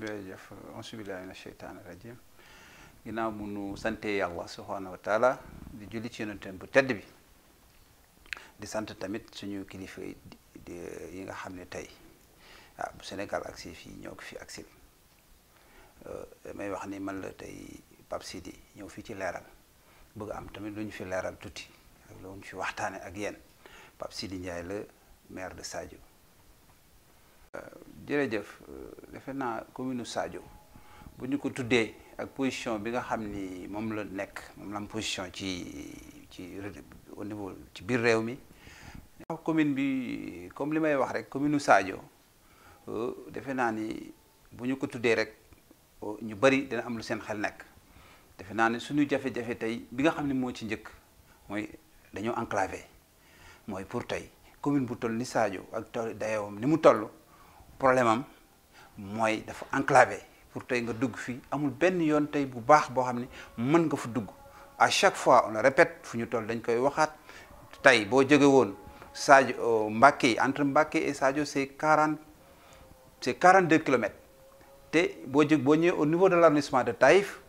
jërëjëf auzu billaahi mina ginnaaw mu sante yàlla subhaanahu wa taala di julli ci yonentam bu tedd bi di sant tamit suñu kilifa yi nga xam ne tey waaw ah, bu Sénégal agsi fii ñoo ko fi agsi eh, may wax ni man la tey Pape Sidi ñëw fii ci leeral bëgg am tamit lu fi leeral tuuti ak lu ñu fi waxtaane ak yéen Pape di Ndiaye la maire de Sadio. Euh, jërëjëf euh, defe naa commune Sadio bu ñu ko tuddee ak position bi nga xam ni moom la nekk moom la am position ci ci au niveau ci biir réew mi. wax commune bi comme li may wax rek commune Sadio euh, defe naa ni bu ñu ko tuddee rek ñu bëri dina am lu seen xel nekk defe naa ni suñu jafe-jafe tey bi nga xam ne moo ci njëkk mooy dañoo enclavé. mooy pour tey commune bu toll ni Sadio ak tool dayawam ni mu toll problème am mooy dafa enclavé pour tey nga dugg fii amul benn yoon tey bu baax boo xam ne mën nga fa dugg à chaque fois on le répète fu ñu toll dañ koy waxaat tey boo jóge woon Sadio euh, Mbacké entre Mbacké et Sadio c'est quarante c'est quarante deux kilomètres te boo jóg boo ñëwee au niveau de l'arrondissement de Taïf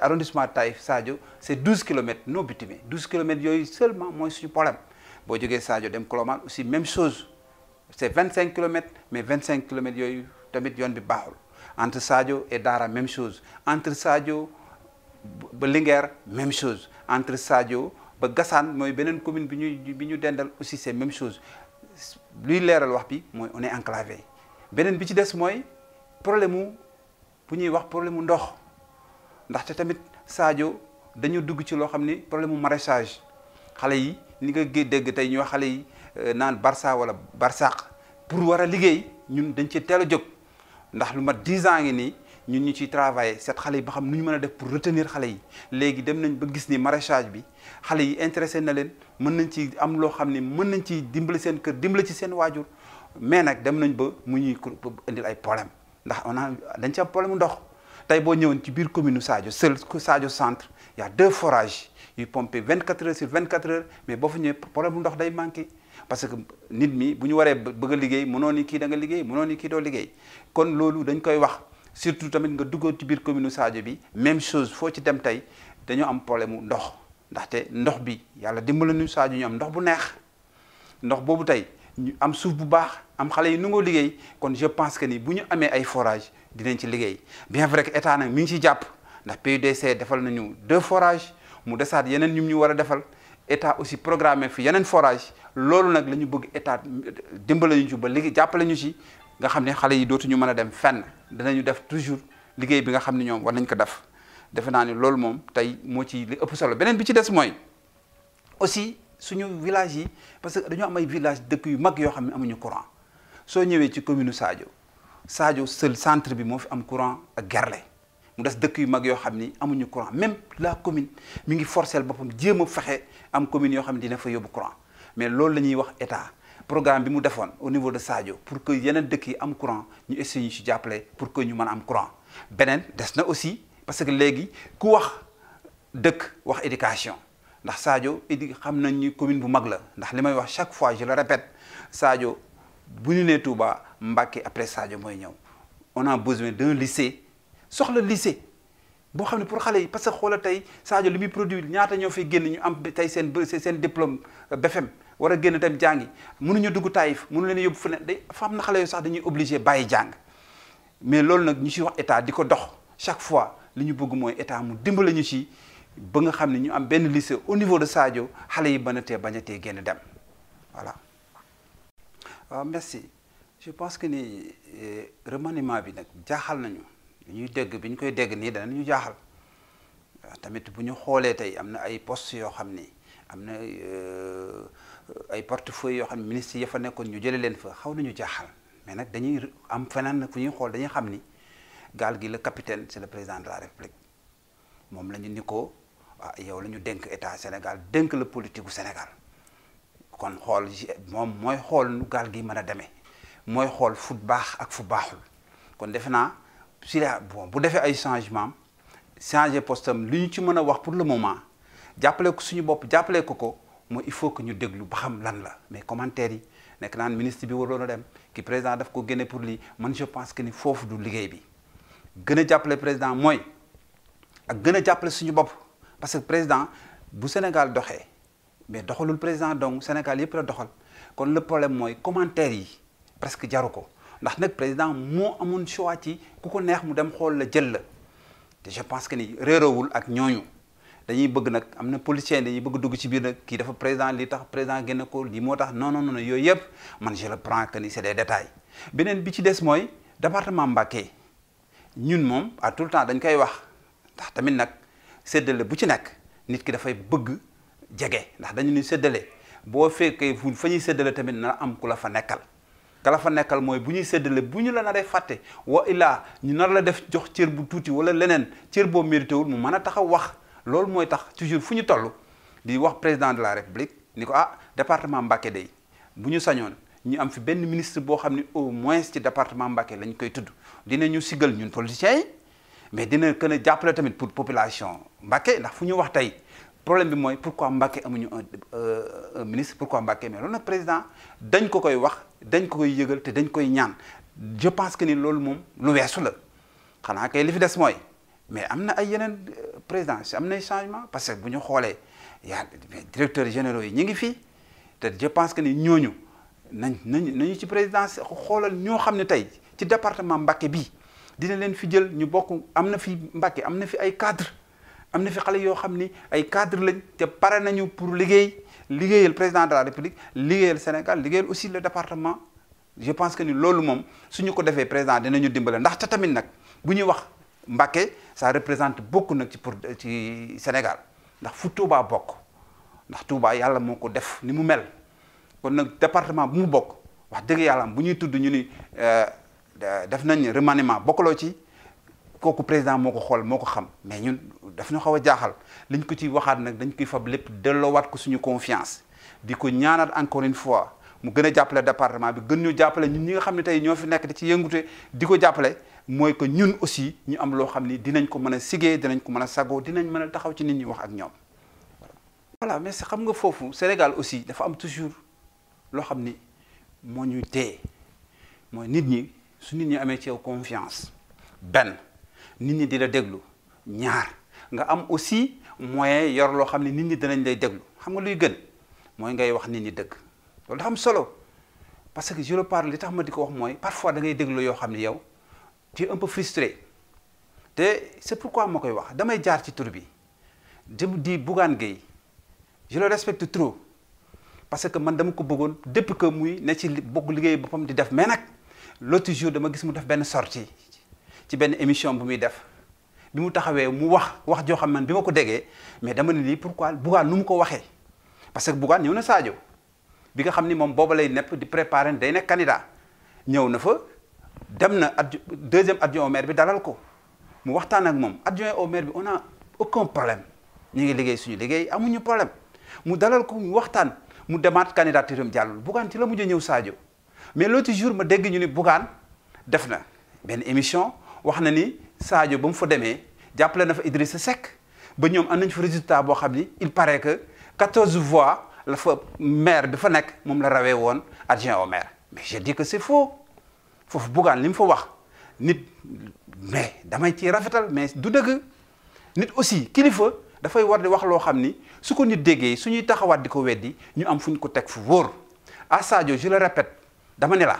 arrondissement Taïf Sadio c'est douze kilomètres non bitumé douze kilomètres yooyu seulement mooy suñu problème boo jógee Sadio dem Colomane aussi même chose c' est vingt cinq kilomètres mais vingt cinq kilomètres yooyu tamit yoon bi baaxul entre Sadio et Daara même chose entre Sadio ba Linguère même chose entre Sadio ba Gassane mooy beneen commune bi ñu bi ñu dendal aussi c' est chose luy leeral wax bi mooy on est beneen bi ci des mooy problème mu bu ñuy wax problème mu ndox ndaxte tamit Sadio dañu dugg ci loo xam ni problème mu maraîchage. xale yi ni nga dégg tey ñu wax xale yi euh, naan Barça wala Barsaq pour war a liggéey ñun dañ ci teel a jóg ndax lu mat 10 ngi nii ñun ñu ci travailler set xale yi ba xam nu ñu mën a def pour retenir xale yi léegi dem nañ ba gis ni maraîchage bi xale yi intéressé na leen mën nañ ci am loo xam ne mën nañ ci dimbali seen kër dimbale ci seen waajur mais nag dem nañ ba mu ñuy indil ay problème ndax on dañ ci am problème ndox tey boo ñëwoon ci biir commune Sadio seul Sadio centre y a deux forages yuy pompé 24 heures sur 24 heures mais boo fa ñëwee problème ndox day manqué parce que nit mi bu ñu waree bëgg a liggéey mënoo ni kii danga nga liggéey mënoo ni kii doo liggéey kon loolu dañ koy wax surtout tamit nga duggoon ci biir commune Sadio bi même chose foo ci dem tey dañu am problème mu ndox ndaxte ndox bi yàlla dimbali nu Sadio ñu am ndox bu neex ndox boobu tey. ñu am suuf bu baax am xale yi nu ngoo liggéey kon je pense que nii bu ñu amee ay forage dinañ ci liggéey bien vrai que état nag mi ngi ci jàpp ndax defal nañu deux forages mu desaat yeneen ñu ñu war a defal état aussi programmé fi yeneen forage loolu nag la ñu bëgg état dimbale ñu ci ba liggéey nga xam ne xale yi dootuñu mën a dem fenn danañu def toujours liggéey bi nga xam ne ñoom war nañ ko def defe naa ne loolu moom tey moo ci li ëpp solo beneen bi ci des mooy suñu village yi parce que dañoo am ay village dëkk yu mag yoo xam ne amuñu courant soo ñëwee ci commune Sadio Sadio seul centre bi moo fi am courant ak Gerle mu des dëkk yu mag yoo xam ni amuñu courant même la commune mi ngi forcer boppam jéem a fexe am commune yoo xam ne dina fa yóbbu courant mais loolu la ñuy wax état programme bi mu defoon au niveau de Sadio pour que yeneen dëkk yi am courant ñu essayer ñu ci jàppale pour que ñu mën a am courant beneen des na aussi parce que léegi ku wax dëkk wax éducation. ndax Sadio idi xam nañ ni commune bu mag la ndax li may wax chaque fois je le répète Sadio bu ñu nee Touba Mbacké après saajo mooy ñëw on a besoin d'un lycée soxla lycée boo xam ne pour xale yi parce que xoola tey Sadio li muy produire ñaata ñoo fi génn ñu am tey seen seen diplôme euh, BFM e war a génn dem jàngi mënuñu dugg Taïf mënu leen yóbbu fu day fa am na xale yoo sax dañuy obligé bàyyi jàng mais loolu nag ñu ci wax état di ko dox chaque fois li ñu bëgg mooy état mu dimbali ñu ci. ba nga xam ne ñu am benn lycée au niveau de Sadio xale yi mën a tee bañ a dem voilà waaw merci je pense que ni eh, remaniement bi nag jaaxal nañu ñuy dégg bi ñu koy dégg nii danañu jaaxal tamit bu ñu xoolee tey am na ay post yoo xam ni am na eh, ay portefeuille yoo xam ne ministres ya fa nekkoon ñu jëlee leen fa xaw nañu jaaxal mais nag dañuy am feneen fu ñuy xool dañuy xam ni gaal gi la capitaine c'est le président de la république moom la ni ko ah yow la ñu dénk état Sénégal dénk la politique gu Sénégal kon xool moom mooy xool nu gaal gi mën a demee mooy xool fu baax ak fu baaxul kon defe naa si bon bu defee ay changement changer poste am li ñu ci mën a wax pour le moment jàppale ko suñu bopp jàppale ko ko mooy il faut que ñu déglu ba xam lan la mais commentaire yi nekk naan ministre bi waroon a dem ki président daf ko génne pour lii man je pense que ni foofu du liggéey bi gën a jàppale président mooy ak gën a jàppale suñu bopp. parce que président bu Sénégal doxee mais doxalul président donc Sénégal yëpp la doxal kon le problème mooy commentaire yi presque jaru ko ndax nag président moo amoon choix ci ku ko neex mu dem xool la jël la te je pense que ni réerowul ak ñooñu dañuy bëgg nag am na politiciens dañuy bëgg dugg ci biir nag kii dafa président li tax président génn ko lii moo tax non non non yooyu yëpp man je le prends que ni c'est des détails beneen bi ci des mooy département Mbacké ñun moom à tout le temps dañ koy wax ndax tamit nag. séddale bu ci nekk nit ki dafay bëgg jege ndax dañu ñuy séddale boo fekkee fu fa ñuy séddale tamit na am ku la fa nekkal ka la fa nekkal mooy bu ñuy séddale bu ñu la naree fàtte wa illaa ñu nar la def jox cër bu tuuti wala leneen cër boo mérité mu mën a taxaw wax loolu mooy tax toujours fu ñu toll di wax président de la république ni ko ah département Mbacké day bu ñu sañoon ñu am fi benn ministre boo xam ne au moins ci département Mbacké lañ koy tudd dinañu siggal ñun politiciens mais dina gën a jàppale tamit pour population Mbacké ndax fu ñu wax tey problème bi mooy pourquoi Mbacké amuñu euh, un ministre pourquoi Mbacké mais loolu nag président dañ ko koy wax dañ ko koy yëgal te dañ koy ñaan je pense que ni loolu moom lu weesu la xanaa kay li fi des mooy mais am na ay yeneen euh, président am na changement parce que bu ñu xoolee yaa directeur généraux yi ñu ngi fii te je pense que ni ñu nañ nañ nañu ci présidence xoolal ñoo xam ne tey ci département Mbacké bii dina leen fi jël ñu bokk am na fi Mbàkke am na fi ay cadre am na fi xale yoo xam ni ay cadre lañ te pare nañu pour liggéey liggéeyal président de la république liggéeyal Sénégal liggéeyal aussi le département je pense que ni loolu moom suñu ko defee président dinañu dimbale ndax te tamit nag bu ñuy wax Mbàkke ça représente bokk nag ci pour ci Sénégal ndax fu Touba bokk ndax Touba yàlla moo ko def ni mu mel kon nag département bu mu bokk wax tudd ñu ni euh, def nañ remaniement bokkaloo ci kooku président moo ko xool moo ko xam mais ñun daf ñu xaw a jaaxal liñ ko ci waxaat nag dañ koy fab lépp delloowaat ko suñu confiance di ko ñaanaat encore une fois mu gën a jàppale département bi gën ñu jàppale ñun ñi nga xam ne tey ñoo fi nekk di ci di ko jàppale mooy que ñun aussi ñu am loo xam ni dinañ ko mën a sigee dinañ ko mën a sagoo dinañ mën a taxaw ci nit ñi wax ak ñoom voilà mais xam nga foofu Sénégal aussi dafa am toujours loo xam ni moo ñuy téye mooy nit ñi su nit ñi amee ci yow confiance benn nit ñi di la déglu ñaar nga am aussi moyen yor loo xam ne nit ñi danañ lay déglu xam nga luy gën mooy ngay wax nit ñi dëgg loolu dafa am solo parce que je le li tax ma di ko wax mooy parfois da ngay déglu yoo xam ne yow ci es un peu frustré te c'est pourquoi ma koy wax damay jaar ci tur bi di di Bougane Gueye je le respecte trop parce que man dama ko bëggoon depuis que muy ne ci bokk liggéey boppam di def mais nag. l'autre jour dama gis mu def benn sortie ci benn émission bu muy def bi mu taxawee mu wax wax joo xam man bi ma ko déggee mais dama ne lii pourquoi Bougane nu mu ko waxee parce que Bougane ñëw na Sadio bi nga xam ni moom booba lay nepp di préparer day nekk candidat ñëw na fa dem na adju deuxième adjoint au bi dalal ko mu waxtaan ak moom adjoint au bi on a aucun problème ñu ngi liggéey suñu liggéey amuñu problème mu dalal ko mu waxtaan mu demaat candidature am jàllul Bougane ci la mujj ñëw Sadio. mais l'autre jour ma dégg ñu ni Bougane def na benn émission wax na ni Sadio ba mu fa demee jàppale na fa Idrissa Seck ba ñoom am nañ fa résultat boo xam ni il paraît que 14 voix la fa maire bi fa nekk moom la rawee woon adjoint au maire mais je dis que c'est faux foofu Bougane li mu fa wax nit mais damay ci rafetal mais du dëgg nit aussi kilifa dafay war di wax loo xam ni su ko nit déggee suñuy taxawaat di ko weddi ñu am fu ñu ko teg fu wóor à Sadio je le dama ne la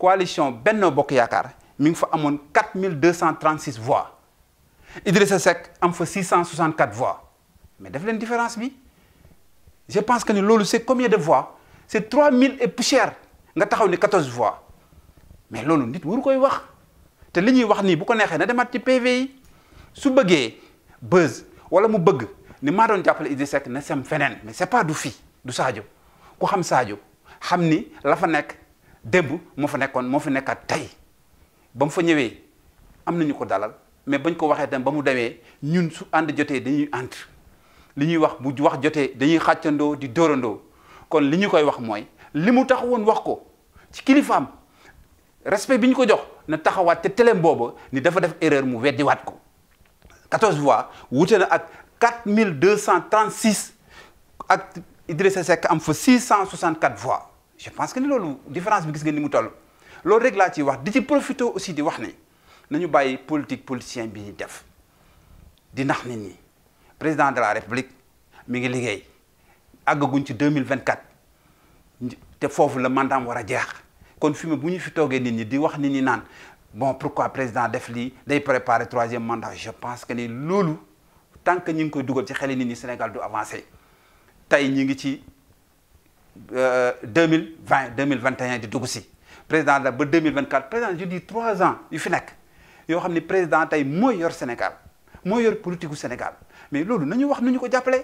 coalition Benno Bokk Yaakaar mi ngi fa amoon 4236 voix sa Seck am fa 664 voix mais def leen différence bi je pense que ni loolu c'est combien de voix c'est mille et poussière nga taxaw ni 14 voix mais loolu nit waru koy wax te li ñuy wax nii bu ko neexee ne demaat ci PV yi su bëggee buzz wala mu bëgg ni maa doon jàppale Idrissa Seck na sem feneen mais c'est pas du fii du Sadio ku xam Sadio xam ni la fa nekk. démb moo fa nekkoon moo fi nekkaat tey ba mu fa ñëwee am nañu ko dalal mais bañ ko waxee tam ba mu demee ñun su ànd jotee dañuy ànd li ñuy wax bu wax jotee dañuy xàccandoo di dóorandoo kon li ñu koy wax mooy li mu tax woon wax ko ci kilifaam respect bi ñu ko jox na taxawaat te teleem booba ni dafa def erreur mu weddiwaat ko 14 voix wute na ak mille cent 4236 ak Idrissa Seck am fa 664 voix. je pense que ni loolu différence bi gis nga ni mu toll loolu rek laa ciy wax di ci profité aussi di wax ni nañu bàyyi politique politicien bi ñuy def di nax nit ñi président de la république mi ngi liggéey àggaguñ ci deux mille vingt quatre te foofu la mu war a jeex kon fi mu bu ñu fi toogee nit ñi di wax nit ñi naan bon pour pourquoi président def lii day préparer troisième mandat je pense que nii loolu tant que ñu ngi koy dugal ci xel nit ñi Sénégal du avancer tey Euh, deux mille vingt deux mille vingt et un di dugg si président ba deux mille vingt quatre président je dis trois ans yu fi nekk yoo xam ne président tey mooy yor Sénégal mooy yor politique gu Sénégal mais loolu nañu wax nu ñu ko jàppale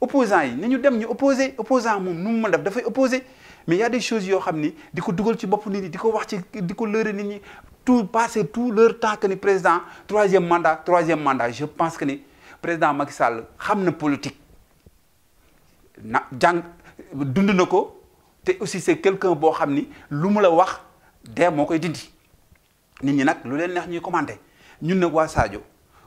opposant yi nañu dem ñu opposé opposant moom nu mu mën def dafay opposé mais y a des choses yoo xam ni di ko dugal ci bopp nit ñi di ko wax ci di ko lëre nit ñi tout passé tout leur temps que ni président troisième mandat troisième mandat je pense que ni président Macky Sall xam na politique na dund na ko te aussi c'est quelqu'un boo xam ni lu mu la wax dee moo koy dindi nit ñi nag lu leen neex ñuy commenter ñun nag waa Sadio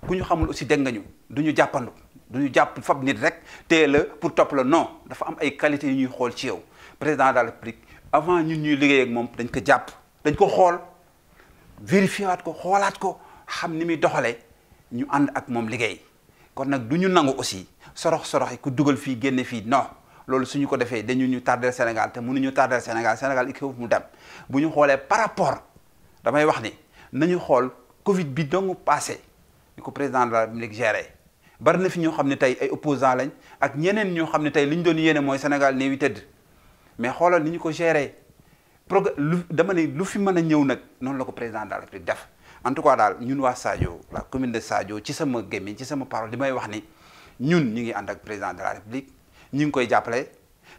ku ñu xamul aussi deg nga ñu du ñu jàppandu du ñu jàpp fab nit rek tee la pour topp la non dafa am ay qualité yu ñuy xool ci yow président de la République avant ñun ñuy liggéey ak moom dañ ko jàpp dañ ko xool vérifié waat ko xoolaat ko xam ni muy doxalee ñu ànd ak moom liggéey kon nag du ñu nangu aussi sorox sorox yi ku dugal fii génne fii non. loolu su ñu ko defee dañu ñu tardel Sénégal te mënuñu tardel Sénégal Sénégal il faut mu dem bu ñu xoolee par rapport damay wax ni na nañu xool Covid bi dong passé ñu ko président de la République géré bari na fi ñoo xam ne tey ay opposants lañ ak ñeneen ñoo xam ne tey li ñu doon yéene mooy Sénégal néew yi tëdd mais xoolal ni ñu ko géré prog lu dama ne lu fi mën a ñëw nag noonu la ko président de la République def tout cas daal ñun waa Sadio la commune de Sadio ci sama gémmiñ ci sama parole li may wax ni ñun ñu ngi ànd ak président de la République. ñu ngi koy jàppale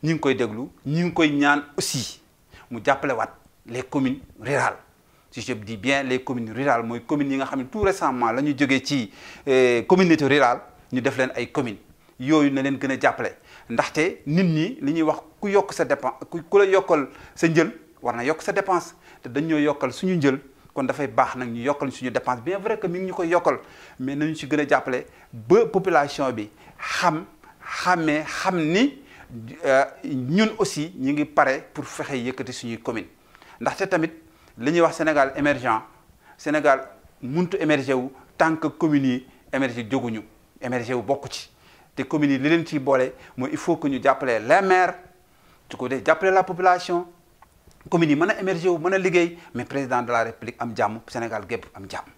ñu ngi koy déglu ñu ngi koy ñaan aussi mu jàppale waat les communes rurales si je dis bien les communes rural mooy communes yi nga xam ni tout récemment la ñu jógee ci eh, communauté rural ñu def leen ay communes yooyu na leen gën a jàppale ndaxte nit ñi li ñuy wax ku yokk sa dépense ku la yokkal sa njël war na yokk sa dépense te dañ ñoo yokkal suñu njël kon dafay baax nag ñu yokkal suñu dépense bien vrai que mi ngi ñu koy yokkal mais nañu ci gën a jàppale population bi xam. xàmmee xam ni euh, ñun aussi ñu ngi pare pour fexe yëkkati suñuy commune ndaxte tamit li ñuy wax Sénégal émergent Sénégal muntu émerger wu tant que communes yi émerger jóguñu émerger wu bokku ci te communes yi li leen ciy boole mooy il faut que ñu jàppalee les maires su ko dee jàppale la population commune yi man a émerger wu mën a liggéey mais président de la république am jàmm Sénégal gépp am jàmm